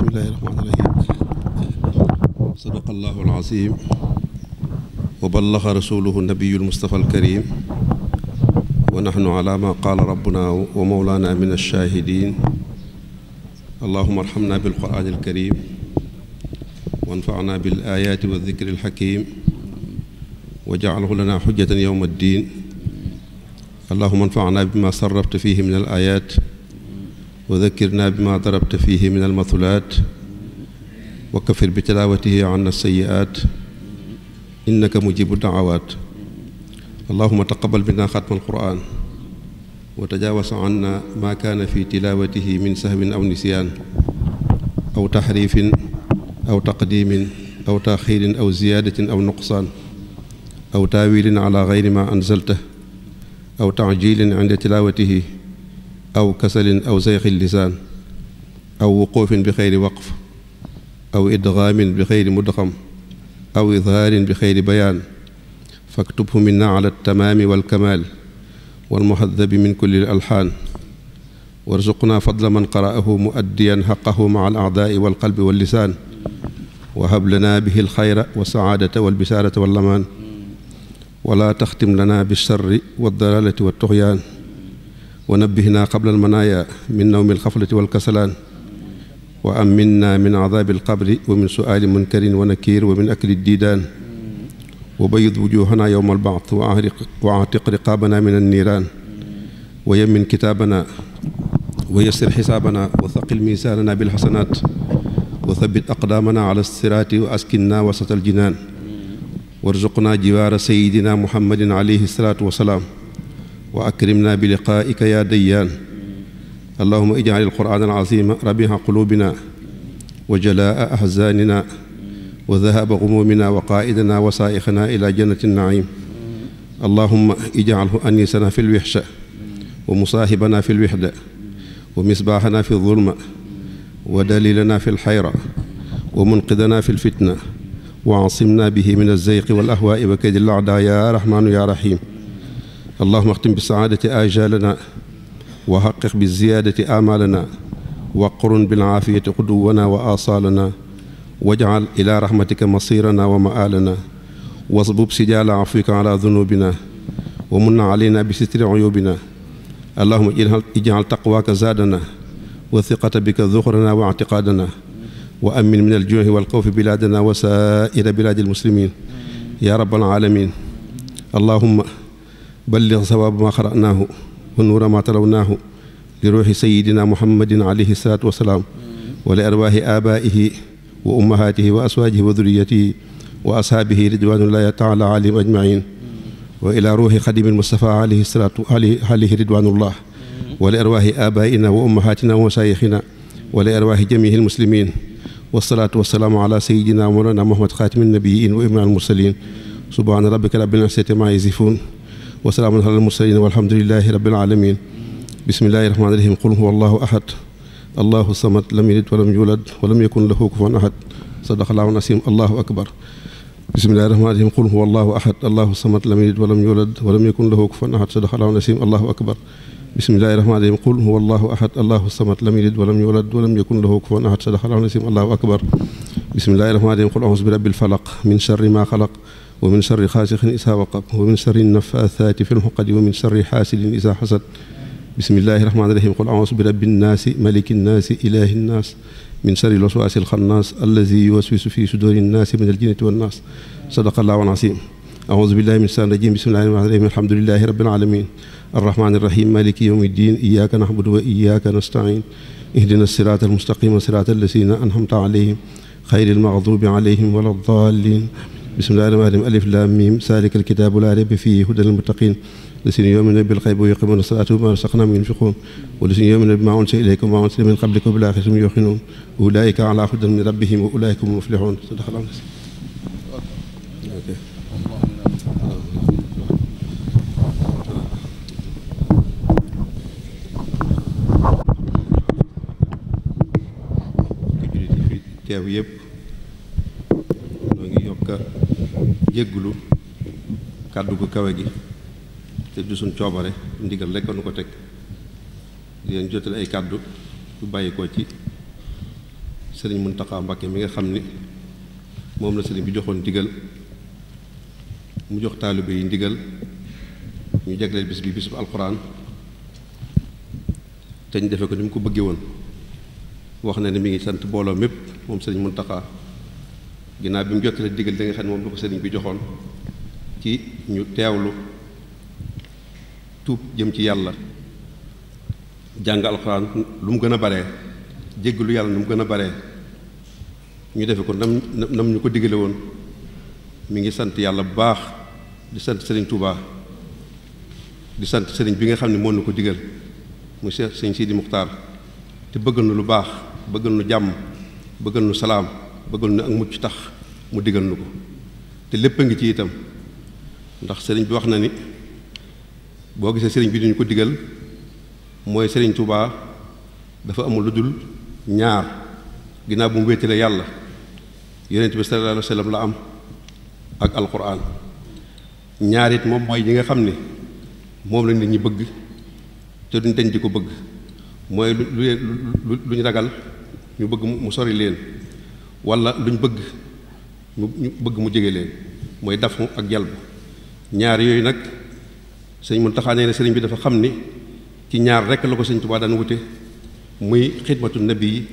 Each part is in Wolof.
بسم الله الرحمن الرحيم صدق الله العظيم وبلغ رسوله النبي المصطفى الكريم ونحن على ما قال ربنا ومولانا من الشاهدين اللهم ارحمنا بالقرآن الكريم وانفعنا بالآيات والذكر الحكيم وجعله لنا حجة يوم الدين اللهم انفعنا بما صرفت فيه من الآيات وذكرنا بما ضربت فيه من المثلات وكفر بتلاوته عنا السيئات إنك مجيب الدعوات اللهم تقبل منا ختم القرآن وتجاوز عنا ما كان في تلاوته من سهو أو نسيان أو تحريف أو تقديم أو تأخير أو زيادة أو نقصان أو تاويل على غير ما أنزلته أو تعجيل عند تلاوته أو كسل أو زيغ اللسان أو وقوف بخير وقف أو إدغام بخير مدغم أو إظهار بخير بيان فاكتبه منا على التمام والكمال والمهذب من كل الألحان وارزقنا فضل من قرأه مؤديا حقه مع الأعداء والقلب واللسان وهب لنا به الخير والسعادة والبسارة واللمان ولا تختم لنا بالشر والضلالة والطغيان ونبهنا قبل المنايا من نوم الخفلة والكسلان وأمنا من عذاب القبر ومن سؤال منكر ونكير ومن أكل الديدان وبيض وجوهنا يوم البعث وأعتق رقابنا من النيران ويمن كتابنا ويسر حسابنا وثقل ميزاننا بالحسنات وثبت أقدامنا على الصراط وأسكننا وسط الجنان وارزقنا جوار سيدنا محمد عليه الصلاة والسلام وأكرمنا بلقائك يا ديان اللهم اجعل القرآن العظيم ربيع قلوبنا وجلاء أحزاننا وذهب غمومنا وقائدنا وسائخنا إلى جنة النعيم اللهم اجعله أنيسنا في الوحشة ومصاحبنا في الوحدة ومصباحنا في الظلمة ودليلنا في الحيرة ومنقذنا في الفتنة وعصمنا به من الزيق والأهواء وكيد الأعداء يا رحمن يا رحيم اللهم اختم بالسعادة آجالنا وحقق بالزيادة آمالنا وقرن بالعافية قدونا وآصالنا واجعل إلى رحمتك مصيرنا ومآلنا واصبب سجال عفوك على ذنوبنا ومن علينا بستر عيوبنا اللهم اجعل تقواك زادنا وثقة بك ذخرنا واعتقادنا وأمن من الجوع والخوف بلادنا وسائر بلاد المسلمين يا رب العالمين اللهم بلغ ثواب ما قرأناه ونور ما تلوناه لروح سيدنا محمد عليه الصلاة والسلام ولأرواح آبائه وأمهاته وأزواجه وذريته وأصحابه رضوان الله تعالى عليهم أجمعين وإلى روح خديم المصطفى عليه الصلاة عليه رضوان الله ولأرواح آبائنا وأمهاتنا ومشايخنا ولأرواح جميع المسلمين والصلاة والسلام على سيدنا مولانا محمد خاتم النبيين وإمام المرسلين سبحان ربك رب العزة ما يصفون وسلام على المرسلين والحمد لله رب العالمين بسم الله الرحمن الرحيم قل هو الله أحد الله الصمد لم يلد ولم يولد ولم يكن له كفوا أحد صدق الله العظيم الله أكبر بسم الله الرحمن الرحيم قل هو الله أحد الله الصمد لم يلد ولم يولد ولم يكن له كفوا أحد صدق الله العظيم الله أكبر بسم الله الرحمن الرحيم قل هو الله أحد الله الصمد لم يلد ولم يولد ولم يكن له كفوا أحد صدق الله العظيم الله أكبر بسم الله الرحمن الرحيم قل أعوذ برب الفلق من شر ما خلق ومن شر خاسق إذا وقب ومن شر النفاثات في الحقد ومن شر حاسد إذا حسد بسم الله الرحمن الرحيم قل أعوذ برب الناس ملك الناس إله الناس من شر الوسواس الخناس الذي يوسوس في صدور الناس من الجنة والناس صدق الله العظيم أعوذ بالله من الشيطان الرجيم بسم الله الرحمن الرحيم الحمد لله رب العالمين الرحمن الرحيم مالك يوم الدين إياك نعبد وإياك نستعين اهدنا الصراط المستقيم صراط الذين أنعمت عليهم خير المغضوب عليهم ولا الضالين بسم الله الرحمن الرحيم ألف لام ميم ذلك الكتاب لا ريب فيه هدى للمتقين يوم النبي بالغيب ويقيمون الصلاة وما رزقناهم ينفقون يوم النبي ما أنزل إليكم وما أنزل من قبلكم بالآخرة هم يوقنون أولئك على هدى من ربهم وأولئك هم المفلحون صدق الله العظيم Yeah, we have... ka jéggulu kàddu gu kawe gi te du suñ coobare ndigal rekk ko teg di leen jotal ay kàddu yu bàyyi ko ci sëriñ Muntaxa Mbàkke mi nga xam ni moom la sëriñ bi joxoon ndigal mu jox taalibe yi ndigal ñu jagleel bis bi bis bu alxuraan te ñu defe ko ni mu ko bëggee woon wax na ne mu ngi sant booloo mépp moom sëriñ Muntaxa ginnaaw bi mu jottale digal li nga xam ne moom la ko sëriñ bi joxoon ci ñu teewlu tuub jëm ci yàlla jàng alxuraan lu mu gën a baree jéggalu yàlla nu mu gën a bare ñu defe ko nam nam ñu ko digale woon mu ngi sant yàlla bu baax di sant sëriñ Touba di sant sëriñ bi nga xam ne moo na ko digal mu sëriñ Sidi Muxtaar te bëggal nu lu baax bëggal lu jàmm bëggal lu salaam bëggal na ak mucc tax mu digal nu ko te lépp a ngi ci itam ndax sëriñ bi wax na ni boo gisee sëriñ bi duñu ko digal mooy sëriñ Tuubaa dafa amul lu dul ñaar ginnaaw bu mu wéetale yàlla yonent bi sallallahu alayhi sallam la am ak alquran ñaar it moom mooy yi nga xam ne moom la nit ñi bëgg te duñ dañ di ko bëgg mooy lu lu lu ñu ragal ñu bëgg mu sori leen wala luñ bëgg mu bëgg mu jege leen moy dafu ak yalbu ñaar yoy nak sëñ Muntaxa nee na bi dafa xamni ci ñaar rek la ko sëñ tuba daan wute muy khidmatu nabi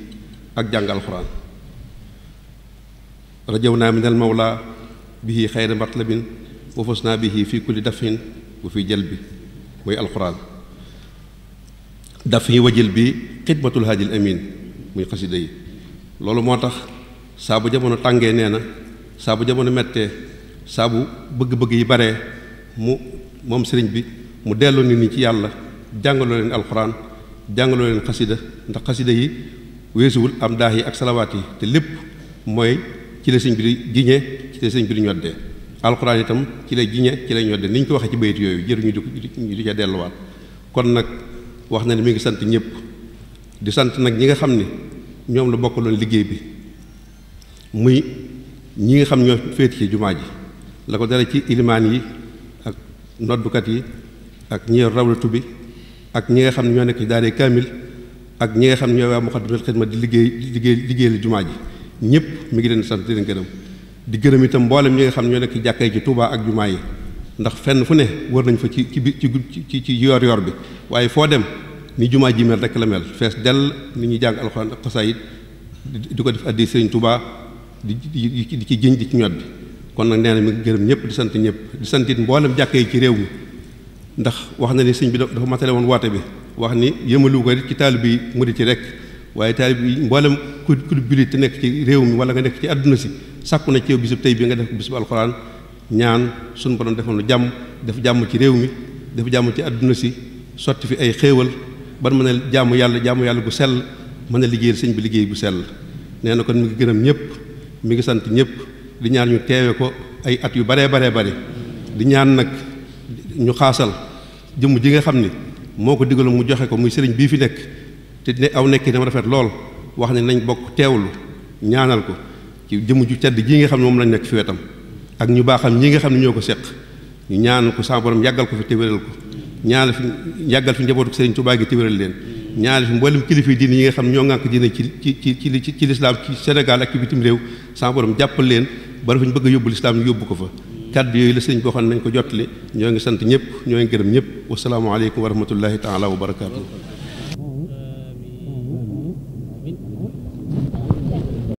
ak jàng alquran rajawna min almawla mawla bihi xayra matlabin wa fas bihi fi kulli dafin wa fi jalbi moy alquran dafi wajil bi khidmatul hadi amin muy qasida yi lolu motax saabu jamono tàngee nee na saabu jamono mettee saabu bëgg-bëgg yi bare mu moom sëriñ bi mu delloo nit ñi ci yàlla jàngaloo leen alxuraan jàngaloo leen xasida ndax xasida yi weesuwul am daax yi ak salawaat yi te lépp mooy ci la sëñ bi di jiñee ci la sëñ bi di ñoddee alxuraan itam ci lay jiñee ci lay ñoddee ni ñu ko waxee ci bayit yooyu jëruñu di ñu di ca delluwaat kon nag wax na ne mi ngi sant ñëpp di sant nag ñi nga xam ni ñoom la bokkaloon liggéey bi muy ñi nga xam ñoo féeti ci jumaa ji la ko dale ci ilimaan yi ak noddukat yi ak ñi yor bi ak ñi nga xam ne ñoo nekk ci daaree kaamil ak ñi nga xam ne ñoo waa Muxaddamatul Xidma di liggéey liggéey liggéey la jumaa ji ñëpp mi ngi leen sant di leen gërëm di gërëm itam mboolem ñi nga xam ne ñoo nekk ci jàkka yi ci Tuubaa ak jumaa yi ndax fenn fu ne wër nañ fa ci ci ci ci ci yoor yoor bi waaye foo dem ni jumaa ji mel rek la mel fees dell ni ñu jàng alxuraan ak xasaayid di ko def addi Sëriñ Tuubaa di di ci jëñ di ci ñot bi kon nag nee na mi ngi gërëm ñëpp di sant ñëpp di sant it mboolem jàkka yi ci réew mi ndax wax na ni sëñ bi dafa matale woon woote bi wax ni yëmalu ko ci taalib bi mu di ci rek waaye taalib bi mboolem ku ku jullit te nekk ci réew mi wala nga nekk ci àdduna si sàkku na ci yow bisub tey bi nga def ko bisub alxuraan ñaan suñu borom defal nu jàmm def jàmm ci réew mi def jàmm ci àdduna si sotti fi ay xéewal ba mën a jaamu yàlla jaamu yàlla bu sell mën a liggéeyal sëñ bi liggéey bu sell nee na kon mi ngi gërëm ñëpp mi ngi sant ñëpp di ñaan ñu teewe ko ay at yu baree baree bari di ñaan nag ñu xaasal jëmm ji nga xam ni moo ko digaloon mu joxe ko muy sëriñ bii fi nekk te ne aw nekk dama rafet lool wax ne nañ bokk teewlu ñaanal ko ci jëmm ju tedd ji nga xam ne moom lañu nekk fi wetam ak ñu baaxam ñi nga xam ne ñoo ko seq ñu ñaan ko sa yàggal ko fi te ko ñaanal fi yàggal fi njabootu sëriñ Tuubaa gi te wéral leen ñaanal fi mboolem kilifa diine yi nga xam ñoo ngànk diine ci ci ci ci lislaam ci Sénégal ak ci bitim réew sama borom jàppal leen ba fu ñu bëgg yóbbu lislaam yóbbu ko fa kàddu yooyu la sëñ boo xam nañ ko jottali ñoo ngi sant ñëpp ñoo ngi gërëm ñëpp wasalaamaaleykum wa rahmatullahi taala wa barakaatu